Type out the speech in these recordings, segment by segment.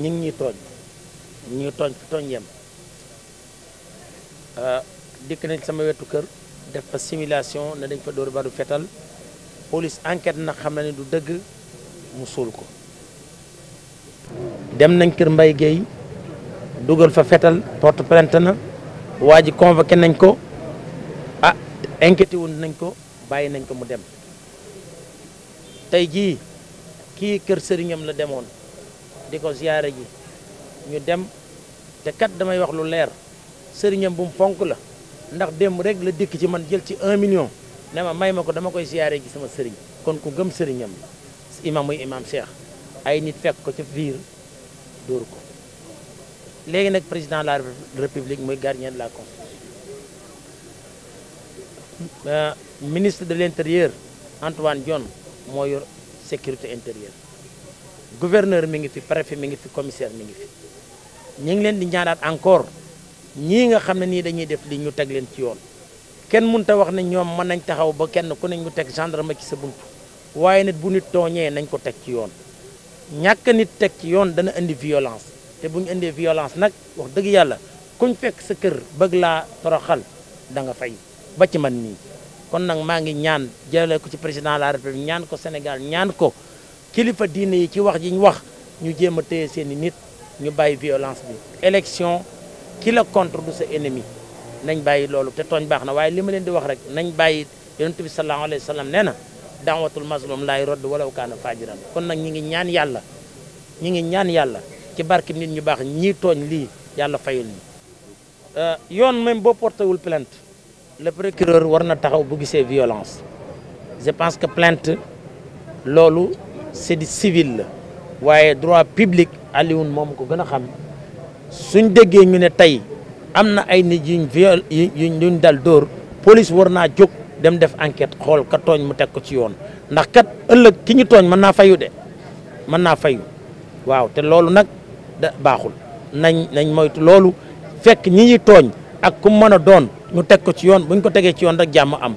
ñu ngi ñuy tooñ ñu ngi tooñ fi tooñ yem euh, dikk nañ sama wetu kër def fa simulation ne dañ fa dóor ba du fetal police enquête na xam na ne du dëgg mu suul ko dem nañ kër mbay Guèye dugal fa fetal porte plainte na waa ji convoqué nañ ko ah inquiété wun nañ ko bàyyi nañ ko mu dem tey jii kii kër sëriñam la demoon di ko ziyaare ji ñu dem te kat damay wax lu leer sëriñam bu mu fonk la ndax démb rek la dikk ci man jël ci un million ne ma may ma ko dama koy ziyaare ji sama sëriñ kon ku gëm sëriñam imam muy imam Cheikh ay nit fekk ko ca biir dóor ko léegi nag président la république muy gardien de la constitution euh, ministre de l' intérieur Antoine Diome moo yor sécurité intérieure gouverneur mi ngi fi préfet mi ngi fi commissaire mi ngi fi ñu ngi leen di ñaanaat encore ñii nga xam ne nii dañuy def lii ñu teg leen ci yoon kenn mënut a wax ne ñoom mën nañ taxaw ba kenn ku ne ñu teg ma ci sa bunt waaye nit bu nit tooñee nañ ko teg ci yoon ñàkk nit teg ci yoon dana indi violence te bu ñu indee violence nag wax dëgg yàlla kuñ fekk sa kër bëgg laa toroxal da nga fay ba ci man nii kon nag maa ngi ñaan jëlee ko ci président de la république ñaan ko Sénégal ñaan ko kilifa diine yi ci wax ji ñu wax ñu jéem a téye seen i nit ñu bàyyi violence bi élection ki la contre du sa ennemi nañ bàyyi loolu te tooñ baax na waaye li ma leen di wax rek nañ bàyyi yonent bi sallallahu alayhi wa sallam nee na daawatul mazlum laay rodd walaw kaana fajiran kon nag ñi ngi ñaan yàlla ñi ngi ñaan yàlla ci barke nit ñu baax ñii tooñ lii yàlla fayul ñi euh, yoon même boo porté wul plainte le war na taxaw bu gisee violence je pense que plainte séddi civil la waaye droit public Alioune moom ko gën a xam suñ déggee ñu ne tey am na ay nit yuñ viol yuñ dal dóor police war naa jóg dem def enquête xool ka tooñ mu teg ko ci yoon ndax kat ëllëg ki ñu tooñ mën naa fayu de mën naa fayu waaw te loolu nag da baaxul nañ nañ moytu loolu fekk ñi ñi tooñ ak ku mën a doon mu teg ko ci yoon buñ ko tegee ci yoon rek jàmm am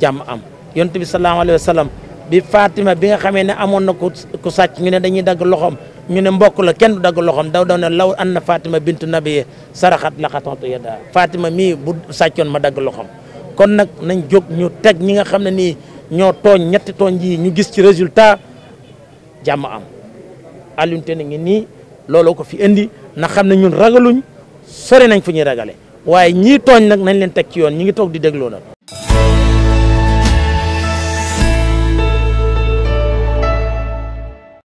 jàmm am yonent bi sallallahu alayhi wa bi Fatima bi nga xamee ne amoon na ku ku sàcc ñu ne dañuy dagg loxoom ñu ne mbokk la kenn du dagg loxoom daw daw ne law an na Fatima bintu nabi saraxat laxatantu yadda Fatima mii bu sàccoon ma dagg loxoom kon nag nañ jog ñu teg ñi nga xam ne nii ñoo tooñ ñetti tooñ yi ñu gis ci résultat jàmm am alunte na ngi nii looloo ko fi indi na xam ne ñun ragaluñ sore nañ fu ñuy ragale waaye ñii tooñ nag nañ leen teg ci yoon ñi ngi toog di dégloo nag